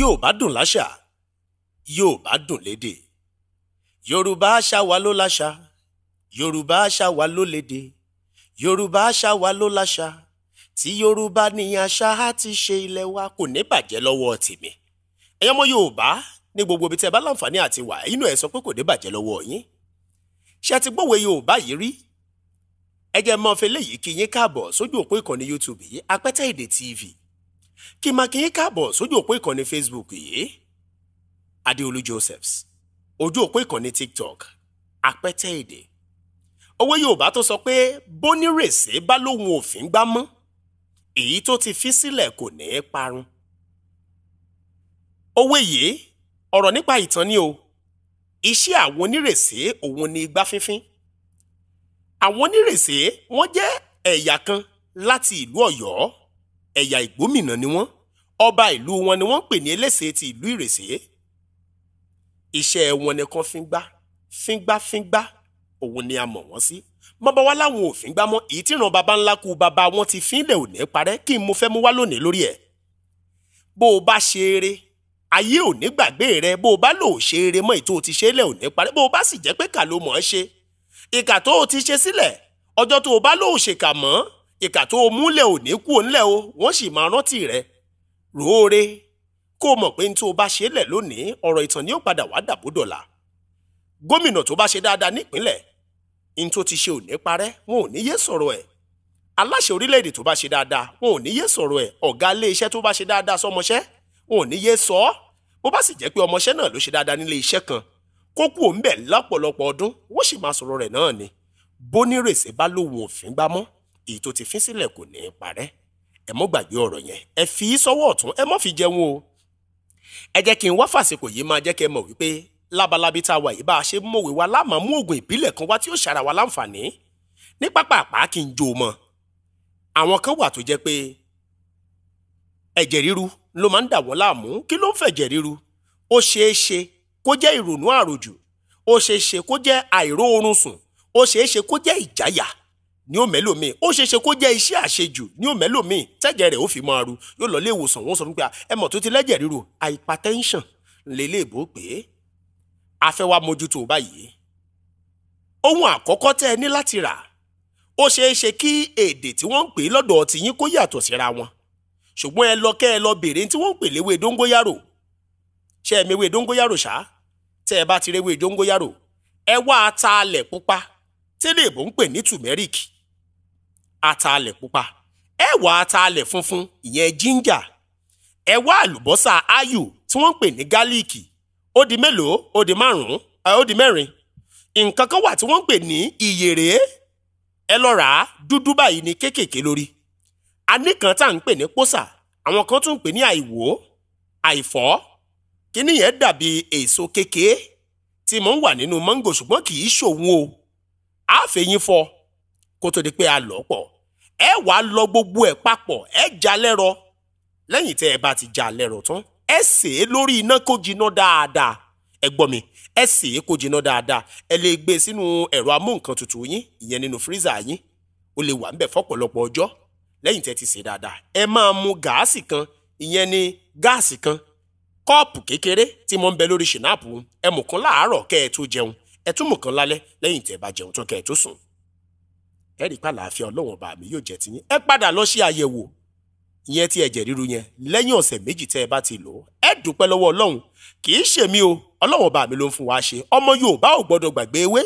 Yorùbá dùn láṣà Yorùbá dùn lédè Yorùbá àṣà wa ló láṣà Yorùbá àṣà wa ló lédè Yorùbá àṣà wa ló láṣà tí Yorùbá ní àṣà á ti ṣe ilẹ̀ wa kò ní bàjẹ́ lọ́wọ́ tèmi ẹ̀yọ́ ọmọ Yorùbá ní gbogbo ibi tí ẹ bá láǹfààní àti wà inú ẹ̀ sọ pé kò ní bàjẹ́ lọ́wọ́ yín ṣé ẹ ti gbọ́wọ́ Yorùbá yìí rí ẹ jẹ́ mọ́ fẹ́ léyìí kí yín káàbọ̀ sójú òpó ìkànnì YouTube yìí Apẹ́tẹ́ Èdè TV kí n máa kí yín káàbọ̀ sójú òpó ìkànnì Facebook yìí Adéolú Josephs ojú òpó ìkànnì TikTok apẹ́tẹ èdè owó Yorùbá tó sọ pé bónírèsé bá lóhun òfin gbá mọ́ èyí tó ti fi sílẹ̀ kò ní í parun owó yìí ọ̀rọ̀ nípa ìtàn ni o iṣẹ́ àwọn onírèsé òun ni igbá fínfín àwọn onírèsé wọ́n jẹ́ ẹ̀yà kan láti ìlú Ọ̀yọ́ ẹ̀yà ìgbómìnà ni wọ́n ọba ìlú wọn ni wọ́n ń pè ní elése ti ìlú ìrèsè iṣẹ́ wọn nìkan fíngbá fíngbá fíngbá òun ni a mọ̀ wọ́n sí bàbá wa láwọn ò fíngbá mọ́ èyí tí ìran baba ńlá kú baba wọn ti fínlẹ̀ ò ní parẹ́ kí n mo fẹ́ mú wá lónìí lórí ẹ̀ bó o bá ṣe eré ayé ò ní gbàgbé rẹ bó o bá lò ó ṣe eré mọ́ ètò ti ṣe lẹ̀ ò parẹ́ bó o bá sì jẹ́ pé kà ló mọ̀ ọ́ ṣe ìkà tó o ti ṣe sílẹ̀ ọjọ́ tó o bá lò ó ṣèkà mọ́ ìkà tó o múlẹ̀ ò ní kú òǹlẹ̀ o wọ́n sì máa rántí rẹ ròóre kó o mọ̀ pé ní tó o bá ṣe lẹ̀ lónìí ọ̀rọ̀ ìtàn ni ó padà wá dàbò dọ̀la gómìnà tó bá ṣe dáadáa nípínlẹ̀ ní tó ti ṣe ò ní parẹ́ wọn ò ní yé sọ̀rọ̀ ẹ̀ aláṣẹ orílẹ̀-èdè tó bá ṣe dáadáa wọn ò ní yé sọ̀rọ̀ ẹ̀ ọ̀gá iléeṣẹ́ tó bá ṣe dáadáa sọmọṣẹ́ wọn ò ní yé sọ ọ́ bó bá sì jẹ́ pé ọmọṣẹ́ náà ló ṣe dáadáa nílé iṣẹ́ kan kó kú òun bẹ̀ lọ́pọ̀lọpọ̀ ọdún wọ́n sì máa sọ̀rọ̀ rẹ̀ náà ni bónírèsè bá lóun òfin gbámọ́ èyí tó ti fi sílẹ̀ kò ní í parẹ́ ẹ mọ́ gbàgbé ọ̀rọ̀ yẹn ẹ fi í sọ́wọ́ ọ̀tún ẹ mọ́ fi jẹun o ẹ jẹ́ kí n wá fàsìkò yìí máa jẹ́ kẹ́ mọ̀ wípé lábalábí tá a wà yìí bá a ṣe mọ̀wé wa láàmú mú oògùn ìbílẹ̀ kan wá tí ó ṣara wa láǹfààní ní pápápá kí n jó mọ́ àwọn kan wà tó jẹ́ pé ẹ̀jẹ̀ ríru ló máa ń dà wọ́n láàmú kí ló ń fẹ̀jẹ̀ ríru ó ṣeé ṣe kó jẹ́ ìrònú àròjù ó ṣeé ṣe kó jẹ́ àìróorun sùn ó ṣeé ṣe kó jẹ́ ìjáyà ní ó mẹ́lòmíì ó ṣeéṣe kó jẹ́ iṣẹ́ àṣejù ní ó mẹ́lòmíì tẹ́jẹ̀ rẹ̀ ó fi máa ru yóò lọ lé ìwòsàn wọ́n sọ fún ẹ mọ̀ tó ti lẹ́jẹ̀ ríru hypertension lélẹ́ẹ̀bù pé a fẹ́ wá mójútó báyìí ohun àkọ́kọ́ tẹ́ ẹ ní láti rà ó ṣeéṣe kí èdè tí wọ́n ń pè lọ́dọ̀ ti yín kó yàtọ̀ síra wọn ṣùgbọ́n ẹ lọ kẹ́ ẹ lọ bèrè tí wọ́n ń pè léwé dóńgóyàrò ṣe é mewé dóńgóyàrò ṣá tẹ́ ń pè ní tùmẹ́ríkì ataalẹ̀ pupa ẹ wá ataalẹ̀ funfun ìyẹn jíńjà ẹ wá àlùbọ́sà áyù tí wọ́n ń pè ní gálíìkì ó di mélòó ó di márùn-ún ó di mẹ́rin nǹkan kan wà tí wọ́n ń pè ní ìyèrè ẹ lọ rà á dúdú báyìí ní kéékèèké lórí a ní kan tá à ń pè ní pósà àwọn kan tún ń pè ní àìwò àìfọ́ kíní yẹn dàbí èso kékeré tí mò ń wà nínú mọ́ngò ṣùgbọ́n kì í ṣòwò o fọ kó tó di pé a lọ́ pọ̀ ẹ wàá lọ gbogbo ẹ̀ papọ̀ ẹ já lẹ́rọ lẹ́yìn tẹ́ ẹ bá ti já lẹ́rọ tán ẹ sè é lórí iná kó jiná dáadáa ẹ gbọ́ mi ẹ sè é kó jiná dáadáa ẹ lè gbé e sínú ẹ̀rọ amóhùnkan tutù yín ìyẹn nínú freezer yín ó lè wà ńbẹ̀ fọ́pọ̀lọpọ̀ ọjọ́ lẹ́yìn tẹ́ ti sè dáadáa ẹ máa mu gáàsì kan ìyẹn ni gáàsì kan kọ́ọ̀pù kékeré tí mo ń bẹ lórí ṣìnáàpù ẹ mú kan láàárọ̀ kẹ́ ẹ tó jẹun ẹ tún mú kan lálẹ́ lẹ́yìn tẹ́ bá jẹun tán kẹ́ ẹ tó sùn ẹ rí i pé àlàáfíà ọlọ́wọ̀n bá mi yóò jẹ́ ti yín ẹ padà lọ ṣe àyẹ̀wò ìyẹn tí ẹ̀jẹ̀ ríru yẹn lẹ́yìn ọ̀sẹ̀ méjì tẹ́ ẹ bá ti lò ó ẹ dúpẹ́ lọ́wọ́ ọlọ́run kì í ṣèmi o ọlọ́wọ̀n bá mi ló ń fún wa ṣe ọmọ yorùbá ò gbọ́dọ̀ gbàgbé ewé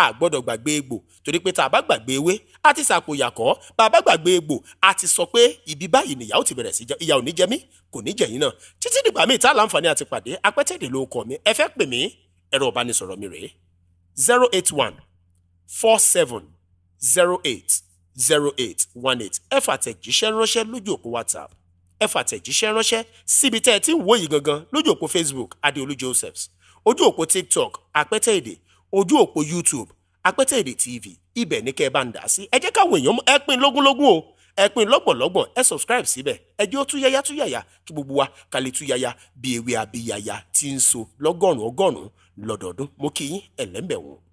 a gbọ́dọ̀ gbàgbé egbò torí pé tá a bá gbàgbé ewé a ti sàpòyàkọ́ bá a bá gbàgbé egbò a ti sọ pé ibi báyìí nìyà ti bẹ̀rẹ̀ sí ìyà ò ní jẹ kò ní jẹ̀yìn náà títí dìgbà míì tá a láǹfààní àti pàdé apẹ́tẹ̀dẹ̀ ló kọ́ mi ẹ fẹ́ pè mí ẹ̀rọ ìbánisọ̀rọ̀ mi rèé zero eight one four seven zero eight zero eight one eight ẹ fàtẹ̀jíṣẹ́ ránṣẹ́ lójú òpó whatsapp ẹ fàtẹ̀jíṣẹ́ ránṣẹ́ síbi tẹ́ ẹ ti ń wò gangan lójú òpó facebook adéolú josephs ojú òpó tiktok apẹ́tẹ̀ èdè ojú òpó youtube apẹ́tẹ̀ èdè tv ibẹ̀ ní kẹ́ ẹ bá ń dà sí ẹ jẹ́ káwọn èèyàn ẹ pín lógúnlógún o ẹ pín lọ́gbọ̀nlọ́gbọ̀n ẹ subscribe síbẹ̀ ẹ jẹ́ ó tú yáyá tú yáyá kí gbogbo wa ká lè tú yáyá bí ewé abiyaya ti ń so lọ́gọ́rùn-ún lọ́dọọdún mo kí yín ẹ̀lẹ́mbẹ̀wọ̀n